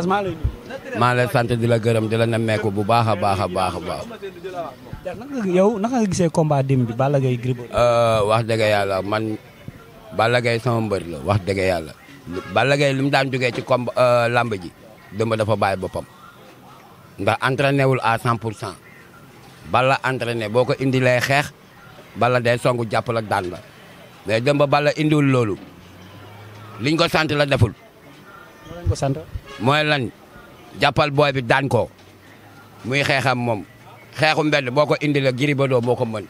Diaz maa lay sant di la gërëm di la nemmeeku bu baax a baax a baax a baax. yow naka gisee combat démb bi Balla Gaye Gris Bordeaux. Euh, wax dëgg yàlla man Balla Gaye sama mbër wax dëgg yàlla. Balla Gaye li mu daan jógee ci combat euh, lamb ji dëmb dafa bàyyi boppam ndax entraîné wul à 100 pour bala Balla entraîné boo ko indi lay xeex bala day songu jàppal ak daan la mais dëmb Balla indiwul loolu liñ ko sant mooy lan jàppal booy bi daan muy xeexam moom xeexu mbedd boo ko indi la Gris Bordeaux moo ko mën.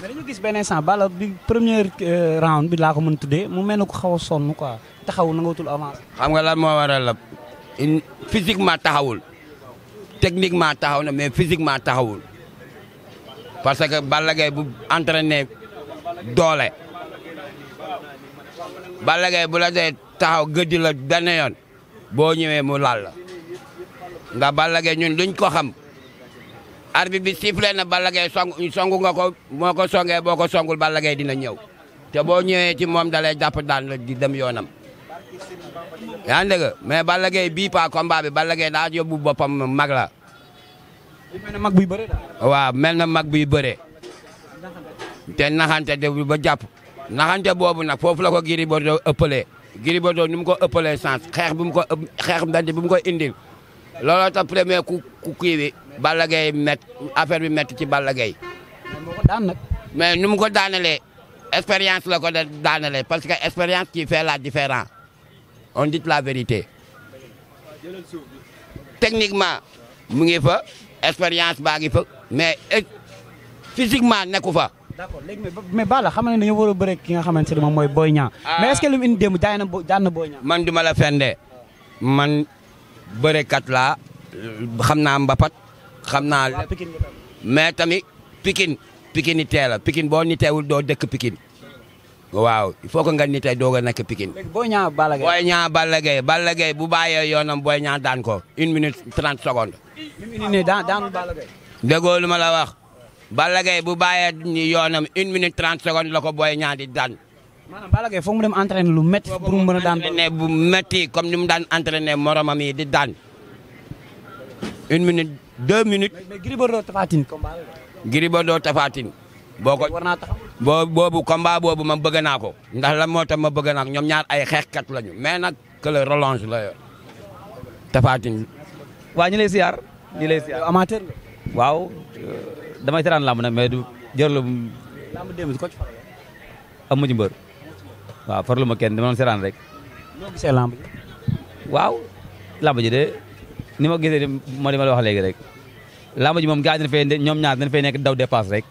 mais dañu gis benn instant Balla bi première euh, round bi laa ko mën tuddee mu mel ne ko xaw a sonn quoi taxawul na nga wutul avance. xam nga lan moo waral la physiquement taxawul techniquement taxaw na mais physiquement taxawul parce que Balla Gaye bu entraîné doole Balla Gaye bu la dee taxaw gëdd la benn boo ñëwee mu laal la nga Balla Gaye luñ ko xam arbitre bi sifflé na Balla Gaye songu nga ko moo ko songee boo ko songul Balla Gaye dina ñëw te boo ñëwee ci moom dala jàpp daan la di dem yoonam yaa ngi dëgg mais Balla Gaye bii pas Balla Gaye daa yóbbu boppam mag la. mel na mag buy bëree waaw mel na mag buy bëree. te naxante de ba jàpp naxante boobu nag foofu la ko Gris Bordeaux ëppalee. Gris Bordeaux ni mu ko ëppalee sens xeex bumu ko xeex dante bi mu ko indil looloo tax premier ku ku Balla Gaye met affaire bi métti ci Balla Gaye mais nu mu ko daanalee expérience la ko daanalee parce que expérience qui fait la différence on dit la vérité techniquement mu ngi fa expérience baa ngi fa mais physiquement nekku fa d'accord léegi mais Balla na ne dañoo a bëre ki nga xamante ne moom mooy Boy Niang. Ah. mais est-ce que li Boy Niang. man du ma la fende man bërekat laa xam naa mbapat xam naa. mais tamit Pikine Pikine ni teela la Pikine boo ni teewul doo dëkk Pikine. waaw il faut que nga nitee doog a nekk Pikine. léegi Boy Niang Balla Gaye. Boy Niang Balla Gaye bàyyee yoonam Boy Niang daan ko une minute trente secondes. une minute daan daanul ma la wax. Balla Gaye bu bàyyee yoonam une minute trente secondes la ko Boy Niang di daan. maanaam mu dem entraîner lu métti. pour mu daan entraîner bu métti comme ni mu daan entraîner moromam yi di daan une minute deux minutes. mais Gris Bordeaux Tapha Tine. Gris Bordeaux Tapha Tine. boo ko war naa taxaw boo boobu combat boobu ma bëgg naa ko. ndax la moo tax ma bëgg naa ñoom ñaar ay xeexkat lañu mais na que le relance la yor Tapha Tine. waa ñu lay ziar. ñu lay damay teraan làmb nag mais du jërëlu làmb démb ko ci ma kenn dama doon teraan rek. waaw làmb de ni ma gisee moo di ma la wax léegi rek làmb ji moom gars yi dañu fay ñoom ñaar dañu fay nekk daw dépasse rek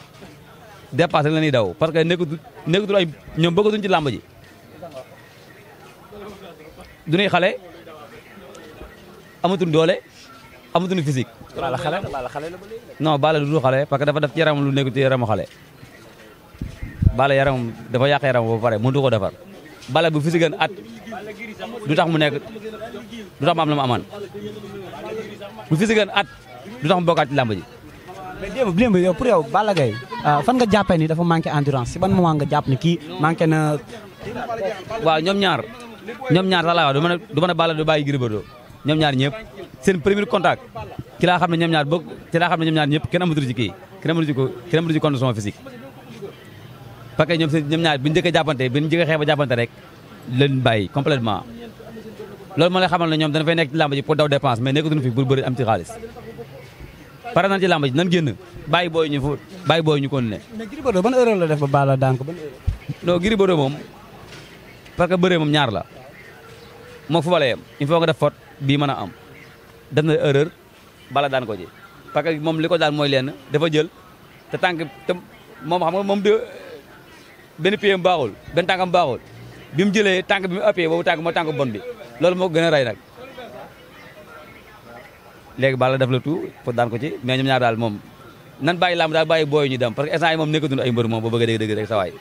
dépasse rek la ñuy daw parce que nekkutul nekkutul ñoom bëggatuñ ci làmb ji. du ñuy xale doole. amatuñu physique. Balla xale Balla xale la ba léegi non du xale parce que dafa def ci yaram lu nekkul ci yaramu xale. Balla yaram dafa yàq yaram ba pare mënut ko defar bala bu physique at du tax mu nekk du tax mu am la mu amaan bu physique at du tax mu bokkaat ci làmb ji. mais yow pour yow Balla Gaye euh, fan nga jàppee ni dafa manqué endurance si ban moment nga jàpp ni kii manqué na. waa ñoom ñaar ñoom ñaar sax laa wax du ma ne du ma ne bàyyi Gris ñoom ñaar ñëpp seen premier contact ci laa xam ne ñoom ñaar boog ci laa xam ne ñoom ñaar ñëpp kenn amatul ci kii kenn amatul ci ko kenn amatul ci condition physique ñoom seen ñoom ñaar bu ñu njëkkee jàppante bu ñu njëkkee xeex ba jàppante rek leen bàyyi complètement loolu moo lay xamal na ñoom dana fay nekk ci làmb ji pour daw dépense mais nekkatuñu fi pour bëri am ci xaalis pare nañ ci làmb nan génn bàyyi booy ñu fu bàyyi booy ñu kon ne mais Gris Bordeaux ban erreur la def ba Balla daan ko ban erreur non Gris Bordeaux parce que bëree moom ñaar la moo fu il faut nga def faute bii mën a am def na erreur bala daan ko ji parce que moom li ko daan mooy leen dafa jël te tànk te moom xam nga moom de benn piem baaxul benn tànkam baaxul bi mu jëlee tànk bi mu appuyé boobu tànk moo tànk bon bi loolu moo gën a rey nag léegi bala def la tout pour daan ko ci mais ñoom ñaar daal moom nan bàyyi làmb daal bàyyi booy ñu dem parce que instant yi moom ay mbër moom ba bëgg a dégg dégg rek sa waay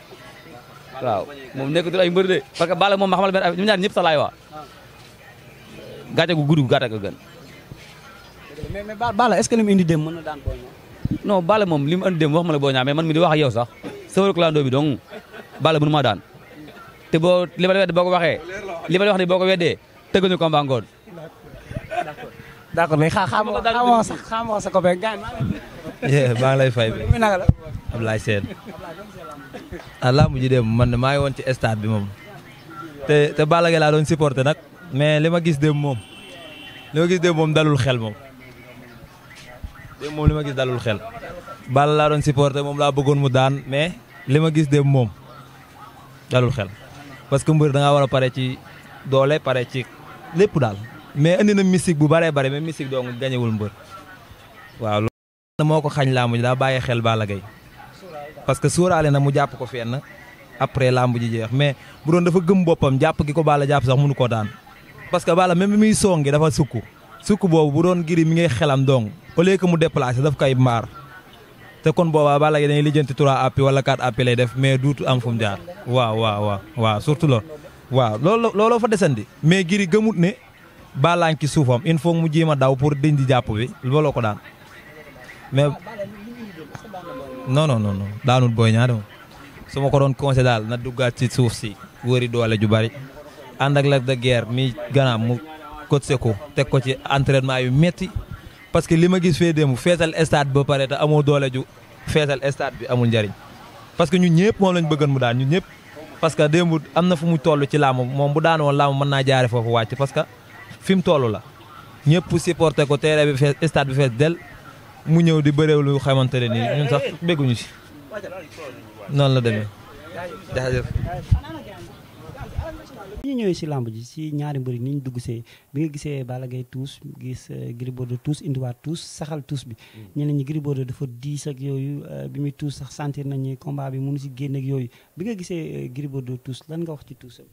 waaw moom nekkatul ay mbër de parce bala moom ma ñëpp sa laay waa gàcce gu gudd gàcce ga gën. mais mais Balla est-ce que li mu indi dem mën na moom li mu dem wax ma boo Boy man mi di wax ak yow sax sëwër clando bi donc bala mënu maa daan te boo li ma wedd boo ko waxee li ma la boo ko weddee tëgguñu combat ngoon. d'accord d'accord mais xaamoo xaamoo maa lay fay bi Ablaye Sène ah mu ji dem man maa ngi woon ci stade bi moom te te Balla Gaye laa doon supporter mais li ma gis démb moom li ma gis démb moom dalul xel moom démb moom li ma gis dalul xel. Balla laa doon supporter moom laa bëggoon mu daan mais li ma gis démb moom dalul xel parce que mbër da ngaa war a pare ci doole pare ci lépp daal. mais indi na mystique bu baree bare mais mystique dong gañewul mbër waaw loolu moo ko xañ làmb ji daa bàyyi xel bala Gaye parce que sóoraale na mu jàpp ko fenn après làmb ji jeex mais bu doon dafa gëm boppam jàpp gi ko Balla jàpp sax mënu koo daan. parce que Balla même bi muy songi dafa sukk sukk boobu bu doon giri mi ngay xelam dong au que mu déplacé daf kay mbaar te kon boobaa Balla Gaye dañuy lijjanti 3 appuis wala 4 appuis lay def mais duutu am fu mu jaar waaw waaw waaw waaw surtout loolu waaw loolu looloo fa desandi mais giri gëmut ne Balla ngi ci suufam il faut mu jéem a daw pour dindi jàpp bi looloo ko daan mais non non non daanul booy ñaar moom su ma ko doon conseil daal na duggaat ci suuf si wëri doole ju bari ànd ak Lac de Guiers mi ganaam mu coaché ko teg ko ci entraînement yu metti parce que li ma gis fee démb feesal stade ba pare te amoo doole ju feesal stade bi amul njariñ parce que ñun ñëpp moom lañ bëggoon mu daan ñu ñëpp parce que démb am na fu mu toll ci làmb moom bu daan woon làmb mën naa jaare foofu wàcc parce que fi mu toll la ñëpp supporté ko terrain bi fees stade bi fees del mu ñëw di bëréew lu xamante ne nii ñun sax bégguñu si noonu la deme ñu ñëwee si làmb ji si ñaari mbëri ni ñu dugg see bi nga gisee Balla Gaye tuus gis euh, Gris Bordeaux tuus indiwaat tuus saxal tuus bi mm. ñeneen ñi Gris Bordeaux dafa diis ak yooyu euh, bi muy tuus sax sentir nañu combat bi mënu si génn ak yooyu bi nga gisee euh, Gris Bordeaux tuus lan nga wax ci tuusam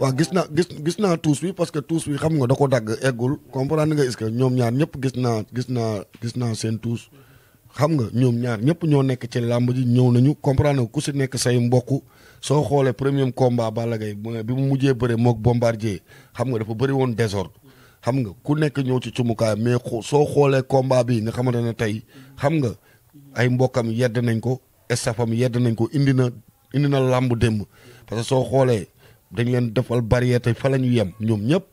waaw gis naa gis gis naa tuus bi parce que tuus bi xam nga da ko dagg eggul comprendre nga est que ñoom ñaar ñëpp gis naa gis naa gis naa seen tuus xam nga ñoom ñaar ñëpp ñoo nekk ci làmb ji ñëw nañu comprendre soo xoolee premier combat Balla Gaye bi mu mujjee bëre moog bombardier xam nga dafa bëri woon désordre xam nga ku nekk ñëw ci cumukaay mais soo xoolee combat bi nga xamante ne tey xam nga ay mbokkam yedd nañ ko estafam yedd nañ ko indi na indi na làmb démb parce soo xoolee dañ leen defal barrière te la ñu yem ñoom ñëpp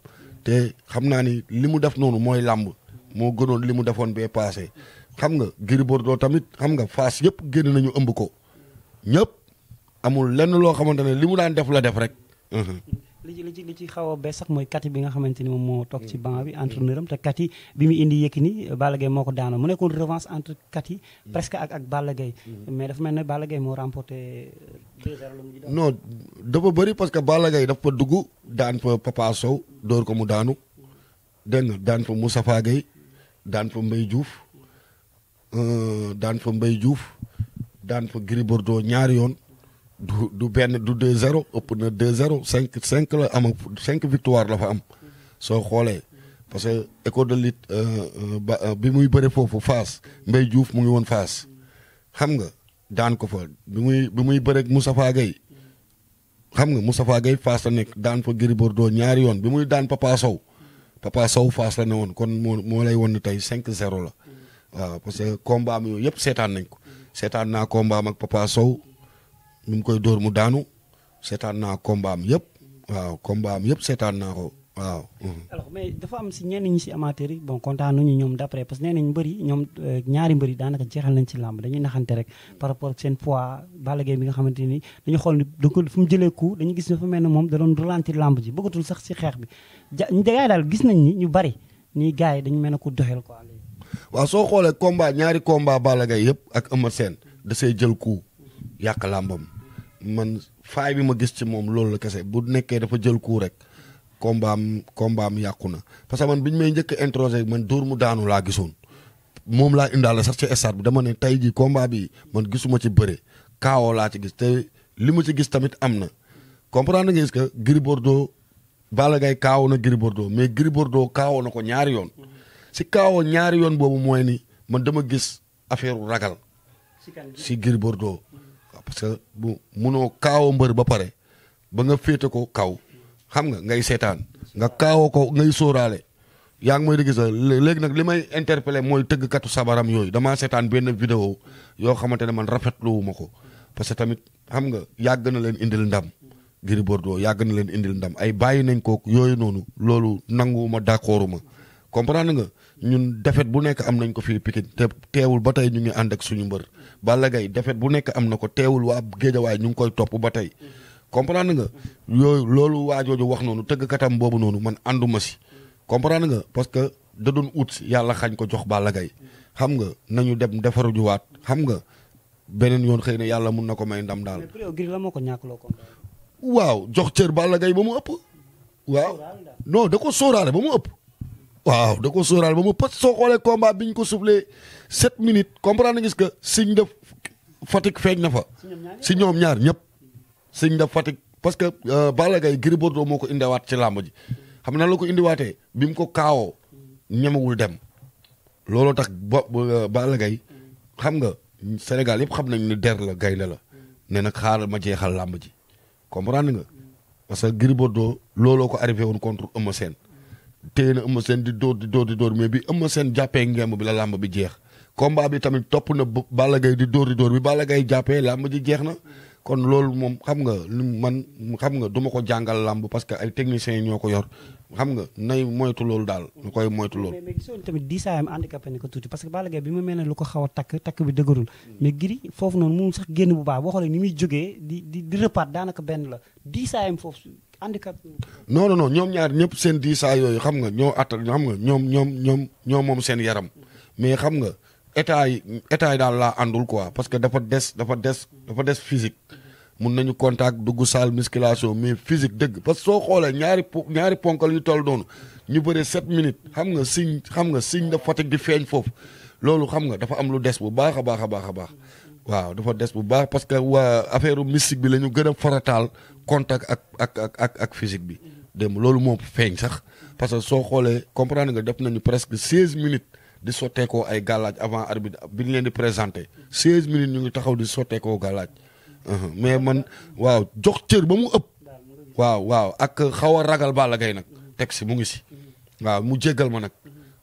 te xam naa ni li mu def noonu mooy làmb moo gënoon li mu defoon bee passé xam nga Gris Bordeaux tamit xam nga Fass yëpp génn nañu ëmb ko amul lenn loo xamante ne li mu daan def la def rek. Mhm. li ci li ci li ci xaw a sax mooy kati bi nga xamante ni moom moo toog ci banc bi entraîneur am te kati bi mu indi Yékini Balla Gaye moo ko daanoo mu nekkoon revanche entre kati presque ak ak Balla Gaye mais dafa mel ne Balla Gaye moo remporté. non dafa bëri parce que Balla Gaye dafa dugg daan fa Papa Sow door ko mu daanu dégg daan fa Moustapha Gueye daan fa mbay Diouf euh, daan fa Mbaye Diouf daan fa Gris yoon. du du benn du 2-0 ëpp na 2-0 cinq cinq la am cinq victoire la fa am soo xoolee parce que école de lutte euh, euh, ba euh, bi muy bëre foofu Fass Mbaye Diouf mu ngi woon Fass xam nga daan ko fa bi muy bi muy bëreeg Moustapha xam nga Moustapha Gueye Fass la nekk daan fa Gris Bordeaux ñaari yoon bi muy daan Papa Sow Papa Sow Fass la ne woon kon moo moo lay woon ne tey 5-0 la waaw parce que yooyu yëpp seetaan nañ ko seetaan naa combat am ak Papa Sow. nu mu koy dóor mu daanu seetaan naa combat am yëpp waaw combat am yëpp seetaan naa ko waaw. Mm-hmm. mais dafa am si ñeen ñi si amateur yi bon kontaan nañu ñoom d' après parce que nee nañu mbëri ñoom euh, ñaari daanaka jeexal nañ ci làmb dañuy naxante rek par rapport seen poids Balla Gaye bi nga xamante ni dañu xool ni da ko fu mu jëlee coup dañu gis ne fa mel ne moom da doon ralenti làmb ji bëggatul sax si xeex bi ja gars daal gis nañ ni ñu bari nii gars yi dañu mel ne ku doxel quoi. waaw soo xoolee combat ñaari combat Balla yëpp ak Eumeu seen da say jël coup yàq làmbam. man faay bi ma gis ci moom loolu la kese bu nekkee dafa jël coup rek kombaam kombaam yàqu na parce que man bi ñu may njëkk a introsé man dóor mu daanu laa gisoon moom laa indaale sax ci stade bi dama ne tey jii kombaa bi man gisuma ci bëre kaawoo laa ci gis te li ma ci gis tamit am na comprendre nga est-ce que Gris Bordeaux Balla Gaye kaawoo na Gris Bordeaux mais Gris Bordeaux kaawoo na ko ñaari yoon si kaawoo ñaari yoon boobu mooy ni man dama gis affaire ragal si gir Bordeaux parce que bu munoo kaawoo mbër ba pare ba nga féete ko kaw xam nga ngay seetaan nga kaawoo ko ngay sóoraale yaa ngi mooy di gis léegi nag li may interpellé mooy tëggkatu sabaram yooyu damaa seetaan benn vidéo yoo xamante ne man ma ko parce que tamit xam nga yàgg na leen indil ndam Gris Bordeaux yàgg na leen indil ndam ay bàyyi nañ kook yooyu noonu loolu nanguwuma d'accorduma comprendre nga ñun defet bu nekk am nañ ko fii Pikine te teewul ba tey ñu ngi ànd ak suñu mbër Balla Gaye defet bu nekk am na ko teewul waa Géejawaay ñu ngi koy topp ba tey comprendre nga yooyu loolu waa jooju wax noonu tëggkatam boobu noonu man ànduma si comprendre nga parce que da doon ut yàlla xañ ko jox Balla Gaye xam nga nañu dem defarujuwaat xam nga beneen yoon xëy na yàlla mun na ko may ndam daal. waaw jox cër Balla ba mu ëpp. waaw non da ko sóoraale ba mu ëpp. waaw da ko sóoraal ba mu pët soo xoolee combat bi ñu ko soufflé sept minutes comprendre nga gis que signe de Fatick feeñ na fa. si ñoom ñaar ñëpp. signe de Fatick parce que euh, Balla gay Gris moo ko indiwaat ci làmb ji xam na la ko indiwaatee bi mu ko kaawoo ñemewul dem looloo tax ba euh, Balla Gaye xam nga Sénégal yëpp xam nañ ne der la gaynde la ne nag xaaral ma jeexal làmb ji comprendre nga parce que Gris Bordeaux looloo ko arrivé woon contre Eumeu Sène téye na di dóor di dóor di dóor mais bi Eumeu Sène jàppee ngemb bi la làmb bi jeex combat bi tamit topp na Balla Gaye di dóor di dóor bi Balla Gaye jàppee làmb ji jeex na kon loolu moom xam nga lu man xam nga du ma ko jàngal làmb parce que ay techniciens yi ñoo ko yor xam nga nay moytu loolu daal ñu koy moytu loolu. mais mais parce que Balla Gaye bi mu mel ne lu ko xaw takk takk bi dëgërul. mais giri foofu noonu mu sax génn bu baax boo xoolee ni muy jógee di di di daanaka benn la diisaayam foofu. handicap. non non non ñoom ñaar ñëpp seen diisaa yooyu xam nga ñoo attan xam nga ñoom ñoom ñoom ñoo moom seen yaram mais xam nga état yi état yi daal laa àndul quoi parce que dafa des dafa des dafa des physique. mun nañu contact dugg saal musculation mais physique dëgg parce que soo xoolee ñaari po ñaari ponkal yu toll noonu ñu bëree sept minutes xam nga signe xam nga signe de fatigue di feeñ foofu loolu xam nga dafa am lu des bu baax a baax a baax a baax. waaw dafa des bu baax parce que waa affaire mystique bi la ñu gën a farataal contact ak ak ak ak ak physique bi. démb loolu moom feeñ sax parce que soo xoolee comprendre nga def nañu presque seize minutes di sotteekoo ay gàllaaj avant arbitre bi ñu leen di présenté seize minutes ñu ngi taxaw di sotteekoo gàllaaj uh-huh. mais man waaw jox cër ba mu ëpp. waaw waaw ak xaw a ragal Balla Gaye nag teg si mu ngi si. waaw mu jéggal ma nag.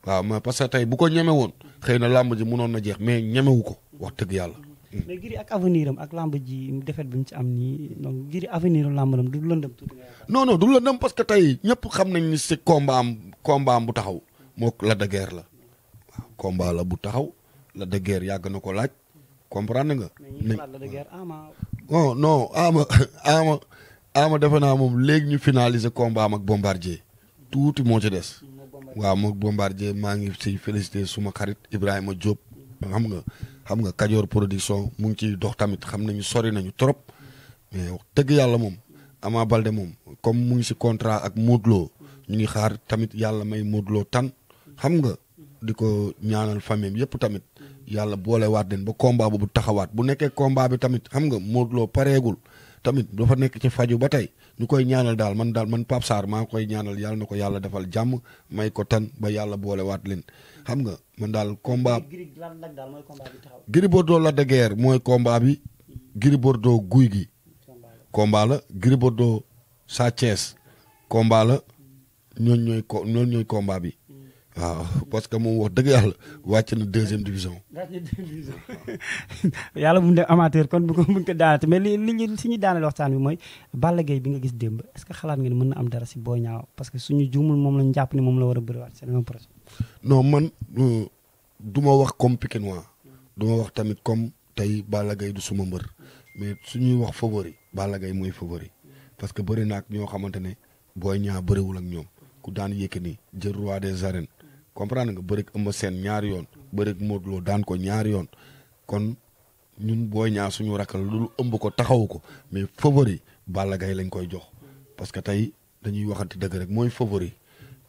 waaw mais parce que tey bu ko ñeme woon xëy na làmb ji mënoon na jeex mais ñemewu ko wax dëgg yàlla. Mm. mais Gris ak avenir am ak lamb ji defet bi mu ci am nii donc Gris avenir am lamb du lëndëm tuuti. non non du lëndëm parce que tey ñëpp xam nañ ni si combat am bu taxaw moo la de guerre la waaw bu taxaw la de yàgg na ko laaj comprendre nga. mais la de guerre ama. non non ama ama ama moom léegi ñu finaliser combat am ak bombardier tuuti moo ci des. waaw moom bombardier maa ngi siy félicité suma xarit Ibrahima Diop. xam nga xam nga Kajoor production mu ngi ciy dox tamit xam nañu sori nañu trop mais wax dëgg yàlla moom Ama Balde moom comme mu ngi si contrat ak Modou Lo ñu ngi xaar tamit yàlla may Modou tan xam nga di ko ñaanal famille yëpp tamit yàlla boolewaat den ba combat boobu taxawaat bu nekkee combat bi tamit xam nga Modou pareegul. tamit doo fa nekk ci faju ba tey ñu koy ñaanal daal man daal man Pape Sarr maa koy ñaanal yàlla na ko yàlla defal jàmm may ko tan ba yàlla boole waat leen xam nga man daal combat. Gris Bordeaux Lac de mooy kombaa bi. Gris Bordeaux guy gi. combat la Gris Bordeaux Sa Thiès combat la bi. waaw parce que moom wax dëgg yàlla wàcc na deuxième division. yàlla bu mu dem amateur kon bu ko bu ko daanate mais li li ñu si ñu daaneel waxtaan bi mooy Balla Gaye bi nga gis démb est ce que xalaat ngeen mën na am dara si Boy Niang parce que suñu juumul moom lañu jàpp ni moom la war a bëriwaat c'est le même projet. non man euh, du ma wax comme Pikinois duma wax tamit comme tey Balla Gaye du suma mbër mais suñuy wax favori Balla gay mooy favori parce que bëri na ak ñoo xamante ne Boy Niang bëriwul ak ñoom ku daan Yékini des arènes. comprendre nga bëreeg Eumeu seen ñaari yoon bëreeg Modou Lo daan ko ñaari yoon kon ñun booy ñaar suñu rakkal loolu ëmb ko taxawu ko mais favori Balla Gaye lañ koy jox parce que tey dañuy waxante dëgg rek mooy favori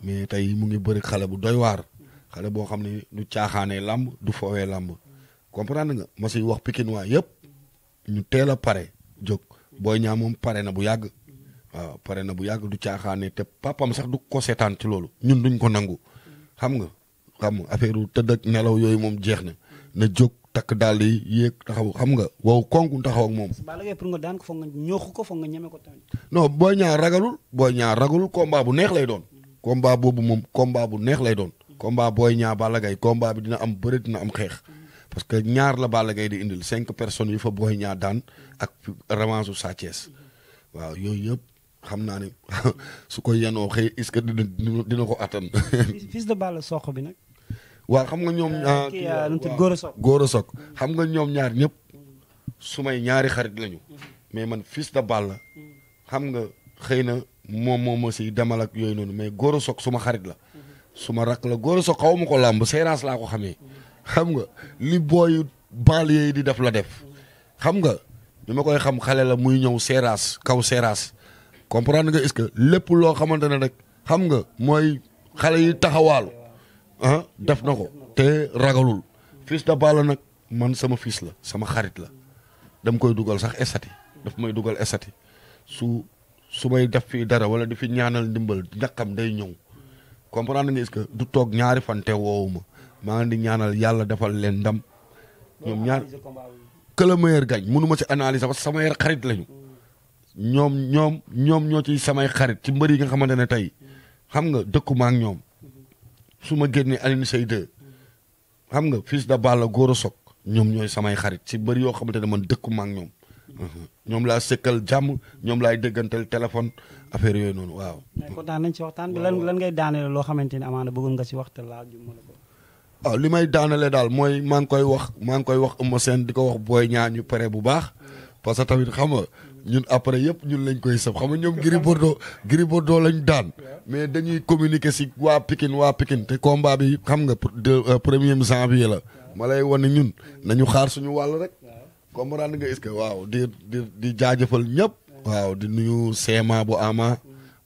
mais tey mu ngi bëreeg xale bu doy waar xale boo xam ne du caaxaanee làmb du foowee làmb comprendre nga ma siy wax pikin waay yëpp ñu teel a pare jóg booy ñaar moom pare na bu yàgg pare na bu yàgg du caaxaanee te papam sax du ko seetaan ci loolu ñun duñ ko nangu. xam nga xam nga affaire tëdd ak nelaw yooyu moom jeex na na jóg takk daal di yéeg taxaw xam nga wow konku taxaw ak moom. Balla Gaye pour nga daan ko foog nga ñooxu ko foog nga ñeme ko tamit. non booy ñaar ragalul booy ñaar ragalul combat bu neex lay doon. combat boobu moom combat bu neex lay doon. combat booy ñaar Balla Gaye combat bi dina am bëre dina am xeex. parce que ñaar la Balla Gaye di indil cinq personnes yu fa booy ñaar daan ak revanche su Sa Thiès waaw yooyu yëpp. xam naa ne su ko yenoo xëy est dina ko attan. fils de Balla soq bi xam nga ñoom. Euh, kii euh, góor xam nga ñoom ñaar ñëpp su may ñaari xarit lañu. mais man fils de la xam nga xëy na moom moo ma siy demal ak yooyu noonu mais góor a suma xarit la. suma rak la góor a xaw ma ko làmb séerance laa ko xamee. xam nga li booy banlieue yi di def la def. xam nga bi ma koy xam xale la muy ñëw séerance kaw séerance. comprendre nga est que lépp loo xamante ne rek xam nga mooy xale yi taxawaalu ah def na ko te ragalul fils de Balla nag man sama fils la sama xarit la dam koy dugal sax estati daf may dugal estati su su may def fii dara wala di fi ñaanal ndimbal ñàkkam day ñëw comprendre nga est que du toog ñaari fante woowu ma maa ngi di ñaanal yàlla defal leen ndam ñoom ñaar que le meilleur gagne mënu ma ci analyser parce samay xarit lañu ñoom ñoom ñoom ñoo ci samay xarit ci mbër yi nga xamante ne tey xam nga dëkku ak ñoom su ma génnee Alioune Seye 2 xam nga fils de Balla a sook ñoom ñooy samay xarit ci mbër yoo xamante ne man dëkku ak ñoom uh-huh. ñoom laa sëkkal jàmm ñoom laay déggantal téléphone affaire yooyu noonu waaw. kontaan nañ waxtaan bi lan ngay daaneel loo xamante ni amaana bëggoon nga ci waxtaan laa jumma la ah, li may daanale daal mooy maa ngi koy wax maa ngi koy wax Eumeu Sène di ko wax booy Niang ñu pare bu baax parce que tamit xam nga ñun après yëpp ñun lañ koy sëb xam nga ñoom Gris Bordeaux Gris Bordeaux lañ daan mais dañuy communiquer si waa Pikine waa Pikine te combat bi xam nga euh, premier janvier la ma lay wane ñun nañu xaar suñu wàll rek comprendre nga est-ce que waaw di di di jaajëfal ñëpp waaw di nuyu seema bu ama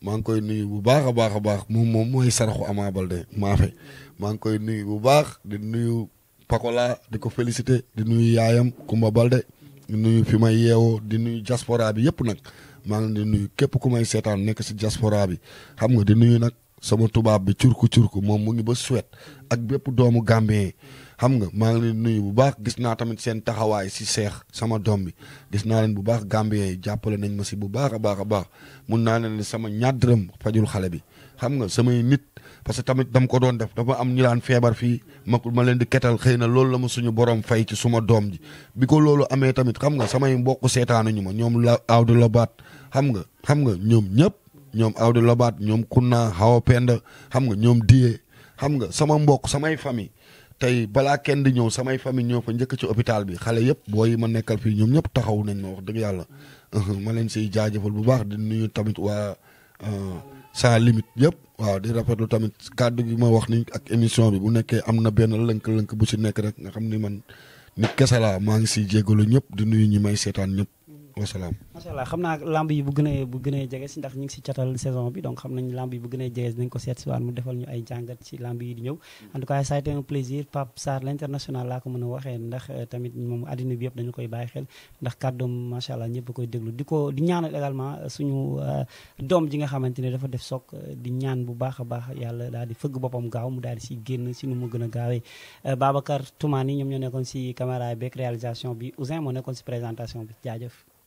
maa ngi koy nuyu bu baax a baax a baax moom moom mooy saraxu Ama Baldé maafe maa ngi koy nuyu bu baax di nuyu Pakola di ko féliciter di nuyu yaayam Kumba Baldé nuyu fi may yeewoo di nuyu diaspora bi yëpp nag maa ngi di nuyu képp ku may seetaan nekk si diaspora bi xam nga di nuyu nag sama tubaab bi curku curku moom mu ngi ba Suède ak bépp doomu Gambien xam nga maa ngi leen nuyu bu baax gis naa tamit seen taxawaay si seex sama doom bi gis naa leen bu baax Gambien yi jàppale nañ ma si bu baax a baax a baax mun naa leen sama ñàddaram fajul xale bi xam nga samay nit parce que tamit dam ko doon def dafa am ñu daan feebar fii ma ma leen di ketal xëy na loolu la ma suñu borom fay ci suma doom ji bi ko loolu amee tamit xam nga samay mbokk ñu ma ñoom la awdu lobaat xam nga xam nga ñoom ñëpp ñoom awdu lobaat ñoom kunna xawa penda xam nga ñoom diyee xam nga sama mbokk samay famille tey balaa kenn di ñëw samay famille ñoo fa njëkk ci hôpital bi xale yëpp booy ma nekkal fii ñoom ñëpp taxaw nañ ma wax dëgg yàlla uh-huh, ma leen si jaajëfal bu baax di nuyu tamit waa uh, saa limite yëpp waaw di rafetlu tamit kàddu gi ma wax ni ak émission bi bu nekkee am na benn lënk-lënk bu si nekk rek nga xam ni man nit kese maa ngi siy jégalu ñëpp di nuyu ñi may seetaan ñëpp wasalaam macha allah xam naa lamb yi bu gën a bu ndax ñu ngi si catal saison bi donc xam nañ lamb yi bu gën a jege ko seet si waan mu defal ñu ay jàngat si lamb yi di ñëw hmm. en tout cas ça a été un plaisir Pape Sarr laa ko mën a waxee ndax euh, tamit moom addina bi yëpp dañu koy bàyyi xel ndax kàddoom macha allah ñëpp koy déglu di ko di ñaanal également euh, suñu euh, doom ji nga xamante ne dafa def soog di ñaan bu baax a baax yàlla daal di fëgg boppam gaaw mu daal di si génn si nu mu gën a gaawee Babacar Toumani ñoom ñoo nekkoon si caméra beeg réalisation bi Ousin nekkoon si présentation bi jaajëf